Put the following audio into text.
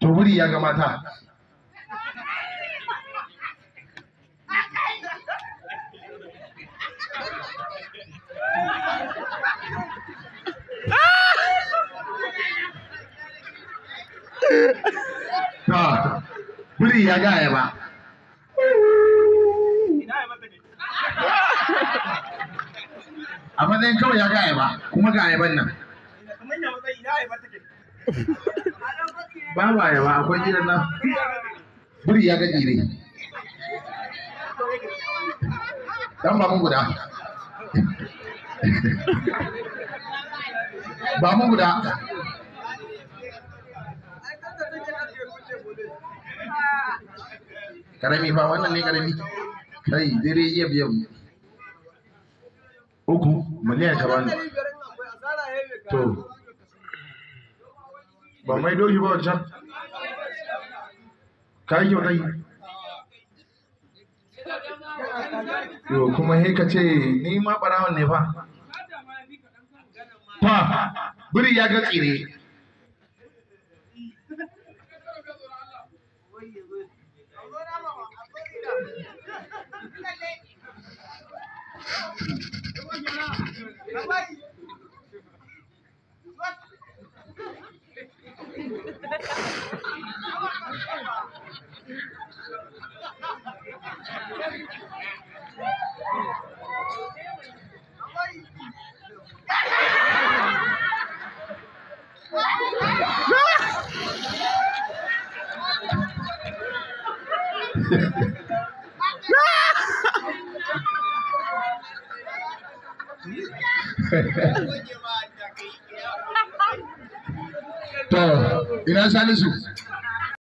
to wuri ya ga mata ta wuri ya ga ya ba a matsayin kawai ya ga ya ba kuma ga ya ban nan ba ma ba akwai gidan nan buri ya gaji ne dan ba mun guda ba mun guda karami ba wannan ne karami kai dare iya biyan uku miliyan ka bani to ba mai doki ba wancan ka yi kyautai yo kuma he ka ce ni ma barawan ne fa fa biri ya ga tsire Thank you. to ina salisu